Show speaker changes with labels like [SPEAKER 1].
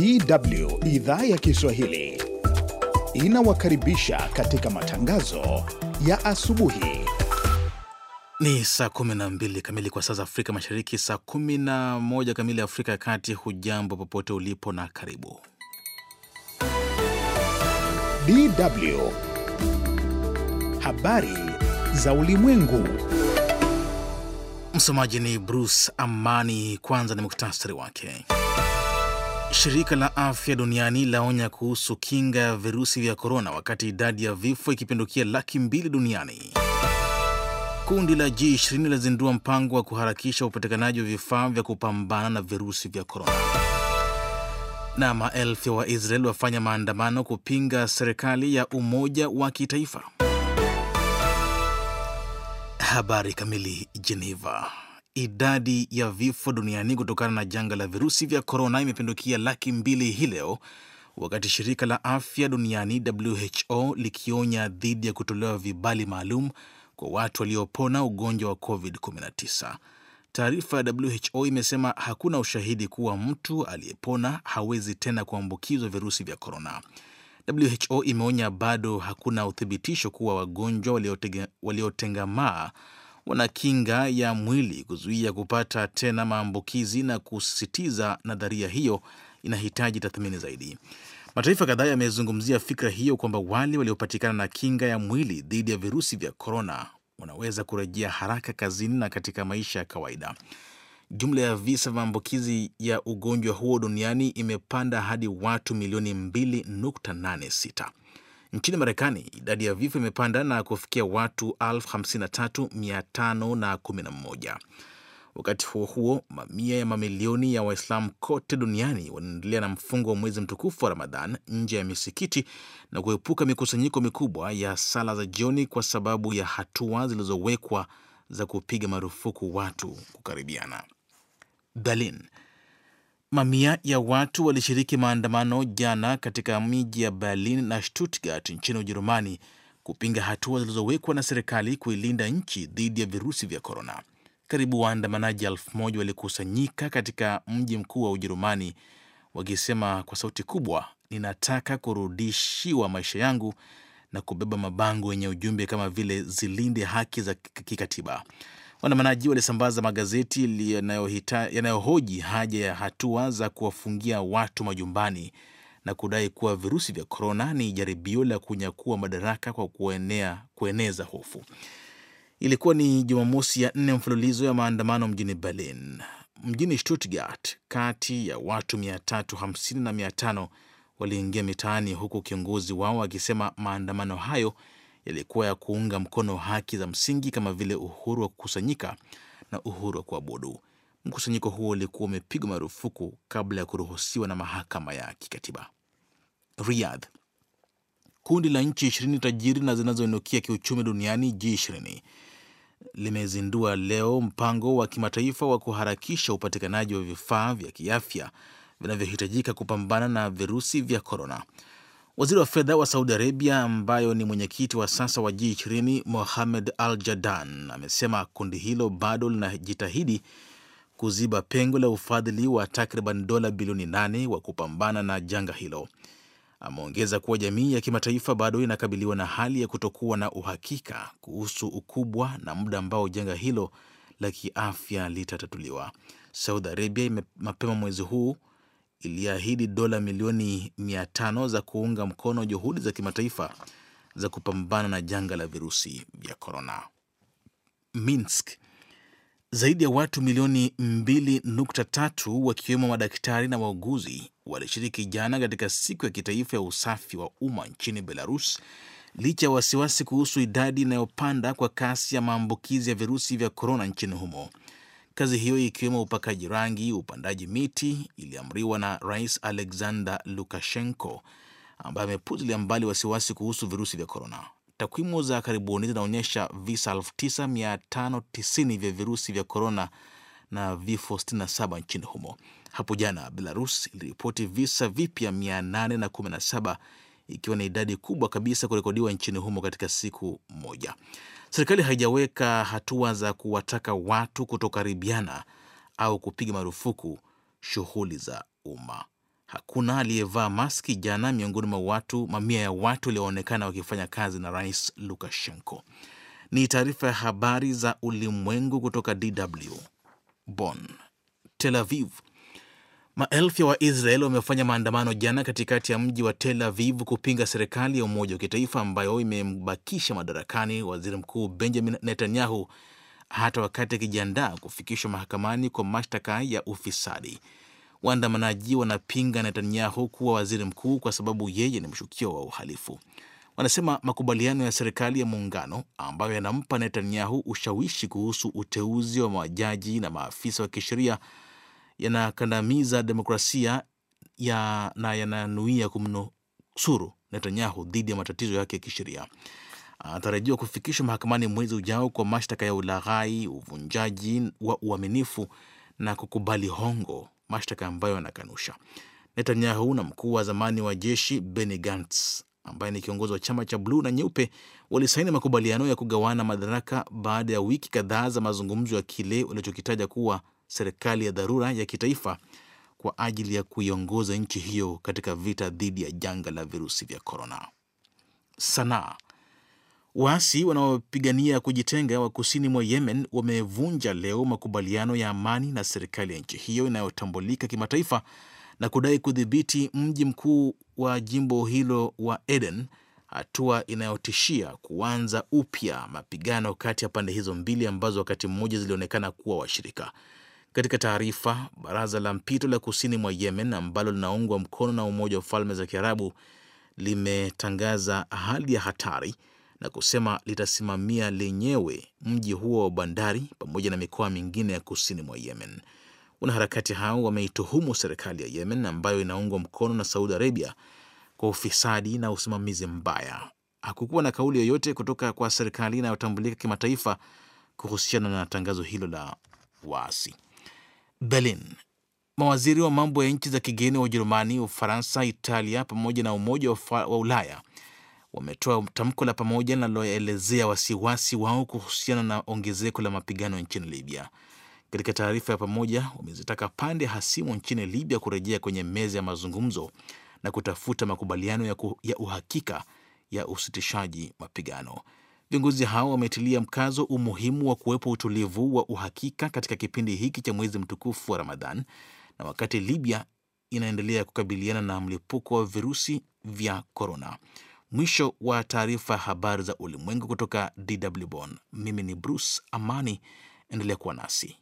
[SPEAKER 1] DW idhaa ya Kiswahili inawakaribisha katika matangazo ya asubuhi. Ni saa 12 kamili kwa saa za Afrika Mashariki, saa 11 kamili Afrika ya Kati. Hujambo popote ulipo na karibu. DW habari za ulimwengu. Msomaji ni Bruce Amani. Kwanza ni muktasari wake. Shirika la Afya Duniani laonya kuhusu kinga ya virusi vya korona, wakati idadi ya vifo ikipindukia laki mbili duniani. Kundi la G20 lazindua mpango wa kuharakisha upatikanaji wa vifaa vya kupambana na virusi vya korona. Na maelfu ya Waisrael wafanya maandamano kupinga serikali ya umoja wa kitaifa. Habari kamili, Geneva. Idadi ya vifo duniani kutokana na janga la virusi vya korona imepindukia laki mbili hii leo, wakati shirika la afya duniani WHO likionya dhidi ya kutolewa vibali maalum kwa watu waliopona ugonjwa wa COVID-19. Taarifa ya WHO imesema hakuna ushahidi kuwa mtu aliyepona hawezi tena kuambukizwa virusi vya korona. WHO imeonya bado hakuna uthibitisho kuwa wagonjwa waliotengamaa wana kinga ya mwili kuzuia kupata tena maambukizi na kusisitiza nadharia hiyo inahitaji tathmini zaidi. Mataifa kadhaa yamezungumzia fikra hiyo kwamba wale waliopatikana na kinga ya mwili dhidi ya virusi vya korona wanaweza kurejea haraka kazini na katika maisha ya kawaida. Jumla ya visa vya maambukizi ya ugonjwa huo duniani imepanda hadi watu milioni 2.86. Nchini Marekani, idadi ya vifo imepanda na kufikia watu 53511. Wakati huo huo, mamia ya mamilioni ya Waislamu kote duniani wanaendelea na mfungo wa mwezi mtukufu wa Ramadhan nje ya misikiti na kuepuka mikusanyiko mikubwa ya sala za jioni kwa sababu ya hatua zilizowekwa za kupiga marufuku watu kukaribiana. Berlin Mamia ya watu walishiriki maandamano jana katika miji ya Berlin na Stuttgart nchini Ujerumani kupinga hatua zilizowekwa na serikali kuilinda nchi dhidi ya virusi vya korona. Karibu waandamanaji elfu moja walikusanyika katika mji mkuu wa Ujerumani wakisema kwa sauti kubwa, ninataka kurudishiwa maisha yangu na kubeba mabango yenye ujumbe kama vile zilinde haki za kikatiba. Waandamanaji walisambaza magazeti yanayohoji haja ya hatua za kuwafungia watu majumbani na kudai kuwa virusi vya korona ni jaribio la kunyakua madaraka kwa kuenea, kueneza hofu. Ilikuwa ni Jumamosi ya nne mfululizo ya maandamano mjini Berlin. Mjini Stuttgart, kati ya watu 350 na 500 waliingia mitaani, huku kiongozi wao akisema maandamano hayo yalikuwa ya kuunga mkono haki za msingi kama vile uhuru wa kukusanyika na uhuru wa kuabudu. Mkusanyiko huo ulikuwa umepigwa marufuku kabla ya kuruhusiwa na mahakama ya kikatiba. Riyadh. Kundi la nchi ishirini tajiri na zinazoinukia kiuchumi duniani G20 limezindua leo mpango wa kimataifa wa kuharakisha upatikanaji wa vifaa vya kiafya vinavyohitajika kupambana na virusi vya korona. Waziri wa fedha wa Saudi Arabia, ambayo ni mwenyekiti wa sasa wa G20, Mohamed Al Jadan, amesema kundi hilo bado linajitahidi kuziba pengo la ufadhili wa takriban dola bilioni nane wa kupambana na janga hilo. Ameongeza kuwa jamii ya kimataifa bado inakabiliwa na hali ya kutokuwa na uhakika kuhusu ukubwa na muda ambao janga hilo la kiafya litatatuliwa. Saudi Arabia mapema mwezi huu iliahidi dola milioni 500 za kuunga mkono juhudi za kimataifa za kupambana na janga la virusi vya korona. Minsk, zaidi ya watu milioni 2.3 wakiwemo madaktari na wauguzi walishiriki jana katika siku ya kitaifa ya usafi wa umma nchini Belarus licha ya wasiwasi kuhusu idadi inayopanda kwa kasi ya maambukizi ya virusi vya korona nchini humo. Kazi hiyo ikiwemo upakaji rangi, upandaji miti, iliamriwa na Rais Alexander Lukashenko ambaye amepuzilia mbali wasiwasi kuhusu virusi vya korona. Takwimu za karibuni zinaonyesha visa 9590 vya virusi vya korona na vifo 67 nchini humo. Hapo jana Belarus iliripoti visa vipya 817 ikiwa ni idadi kubwa kabisa kurekodiwa nchini humo katika siku moja. Serikali haijaweka hatua za kuwataka watu kutokaribiana au kupiga marufuku shughuli za umma. Hakuna aliyevaa maski jana miongoni mwa watu mamia ya watu walioonekana wakifanya kazi na Rais Lukashenko. Ni taarifa ya habari za ulimwengu kutoka DW Bonn, Tel Aviv, Maelfu ya waisrael wamefanya maandamano jana katikati ya mji wa Tel Aviv kupinga serikali ya umoja wa kitaifa ambayo imembakisha madarakani waziri mkuu Benjamin Netanyahu hata wakati akijiandaa kufikishwa mahakamani kwa mashtaka ya ufisadi. Waandamanaji wanapinga Netanyahu kuwa waziri mkuu kwa sababu yeye ni mshukio wa uhalifu. Wanasema makubaliano ya serikali ya muungano ambayo yanampa Netanyahu ushawishi kuhusu uteuzi wa majaji na maafisa wa kisheria yanakandamiza demokrasia ya, na yananuia kumnusuru Netanyahu dhidi ya matatizo yake ya kisheria. Anatarajiwa kufikishwa mahakamani mwezi ujao kwa mashtaka ya ulaghai, uvunjaji wa uaminifu na kukubali hongo, mashtaka ambayo anakanusha. Netanyahu na mkuu wa zamani wa jeshi Benny Gantz ambaye ni kiongozi wa chama cha bluu na nyeupe walisaini makubaliano ya kugawana madaraka baada ya wiki kadhaa za mazungumzo ya kile walichokitaja kuwa serikali ya dharura ya kitaifa kwa ajili ya kuiongoza nchi hiyo katika vita dhidi ya janga la virusi vya korona. Sanaa. Waasi wanaopigania kujitenga wa kusini mwa Yemen wamevunja leo makubaliano ya amani na serikali ya nchi hiyo inayotambulika kimataifa na kudai kudhibiti mji mkuu wa jimbo hilo wa Eden, hatua inayotishia kuanza upya mapigano kati ya pande hizo mbili ambazo wakati mmoja zilionekana kuwa washirika. Katika taarifa, baraza la mpito la kusini mwa Yemen ambalo linaungwa mkono na Umoja wa Falme za Kiarabu limetangaza hali ya hatari na kusema litasimamia lenyewe mji huo wa bandari pamoja na mikoa mingine ya kusini mwa Yemen. Wanaharakati hao wameituhumu serikali ya Yemen ambayo inaungwa mkono na Saudi Arabia kwa ufisadi na usimamizi mbaya. Hakukuwa na kauli yoyote kutoka kwa serikali inayotambulika kimataifa kuhusiana na tangazo hilo la waasi. Berlin. Mawaziri wa mambo ya nchi za kigeni wa Ujerumani, Ufaransa, Italia pamoja na Umoja wa Ulaya wametoa tamko la pamoja linaloelezea wasiwasi wao kuhusiana na ongezeko la mapigano nchini Libya. Katika taarifa ya pamoja, wamezitaka pande hasimu nchini Libya kurejea kwenye meza ya mazungumzo na kutafuta makubaliano ya, ku, ya uhakika ya usitishaji mapigano. Viongozi hao wametilia mkazo umuhimu wa kuwepo utulivu wa uhakika katika kipindi hiki cha mwezi mtukufu wa Ramadhan na wakati Libya inaendelea kukabiliana na mlipuko wa virusi vya korona. Mwisho wa taarifa ya habari za ulimwengu kutoka DW Bonn. Mimi ni Bruce Amani, endelea kuwa nasi.